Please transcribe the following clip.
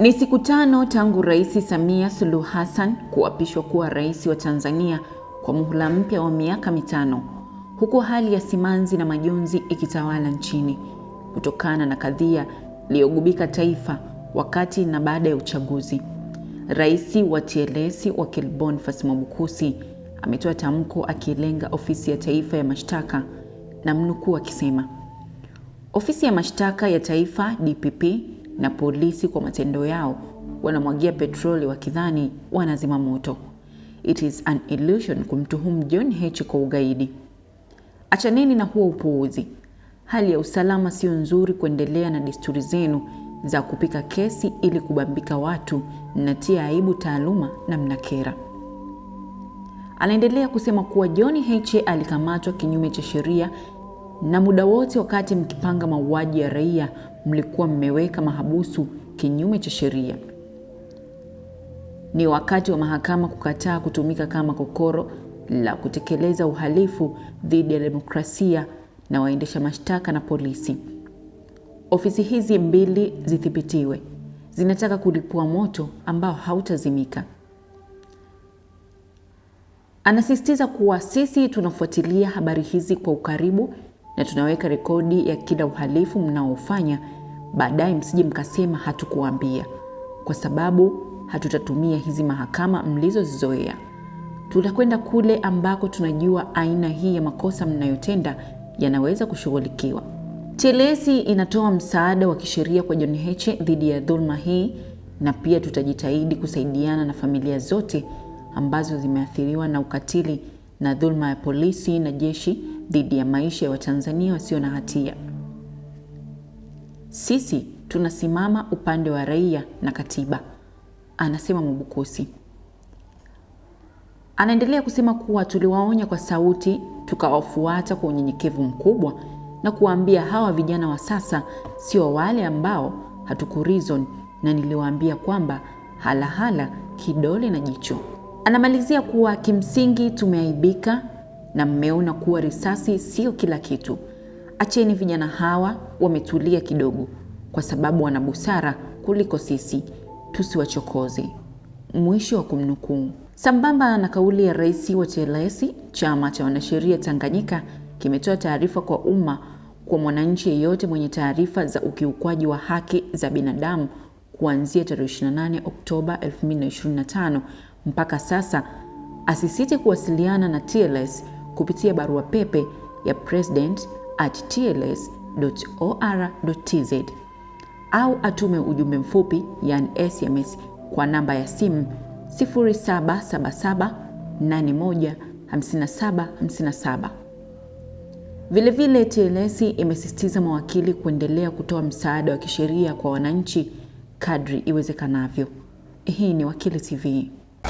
Ni siku tano tangu Rais Samia Suluhu Hassan kuapishwa kuwa rais wa Tanzania kwa muhula mpya wa miaka mitano, huku hali ya simanzi na majonzi ikitawala nchini kutokana na kadhia iliyogubika taifa wakati na baada ya uchaguzi. Rais wa TLS wa Boniface Mwabukusi ametoa tamko akilenga ofisi ya taifa ya mashtaka na mnukuu akisema, ofisi ya mashtaka ya taifa DPP na polisi kwa matendo yao wanamwagia petroli wakidhani wanazima moto. It is an illusion kumtuhumu John Heche kwa ugaidi. Achaneni na huo upuuzi. Hali ya usalama sio nzuri. Kuendelea na desturi zenu za kupika kesi ili kubambika watu, mnatia aibu taaluma na mnakera. Anaendelea kusema kuwa John Heche alikamatwa kinyume cha sheria na muda wote wakati mkipanga mauaji ya raia, mlikuwa mmeweka mahabusu kinyume cha sheria. Ni wakati wa mahakama kukataa kutumika kama kokoro la kutekeleza uhalifu dhidi ya demokrasia na waendesha mashtaka na polisi. Ofisi hizi mbili zithibitiwe, zinataka kulipua moto ambao hautazimika. Anasisitiza kuwa sisi tunafuatilia habari hizi kwa ukaribu na tunaweka rekodi ya kila uhalifu mnaofanya. Baadaye msije mkasema hatukuambia, kwa sababu hatutatumia hizi mahakama mlizozizoea. Tutakwenda kule ambako tunajua aina hii ya makosa mnayotenda yanaweza kushughulikiwa. telesi inatoa msaada wa kisheria kwa John Heche dhidi ya dhuluma hii, na pia tutajitahidi kusaidiana na familia zote ambazo zimeathiriwa na ukatili na dhulma ya polisi na jeshi dhidi ya maisha ya Watanzania wasio na hatia. Sisi tunasimama upande wa raia na katiba, anasema Mwabukusi. Anaendelea kusema kuwa tuliwaonya kwa sauti, tukawafuata kwa unyenyekevu mkubwa na kuwaambia hawa vijana wa sasa sio wale ambao hatukurizon, na niliwaambia kwamba halahala, kidole na jicho Anamalizia kuwa kimsingi tumeaibika na mmeona kuwa risasi sio kila kitu. Acheni vijana hawa wametulia kidogo, kwa sababu wana busara kuliko sisi, tusiwachokoze. Mwisho wa kumnukuu. Sambamba na kauli ya rais wa TLS, chama cha wanasheria Tanganyika kimetoa taarifa kwa umma kwa mwananchi yeyote mwenye taarifa za ukiukwaji wa haki za binadamu kuanzia tarehe 28 Oktoba 2025 mpaka sasa asisite kuwasiliana na TLS kupitia barua pepe ya president at tls.or.tz au atume ujumbe mfupi yani SMS kwa namba ya simu 0777815757. Vilevile, TLS imesisitiza mawakili kuendelea kutoa msaada wa kisheria kwa wananchi kadri iwezekanavyo. Hii ni Wakili TV.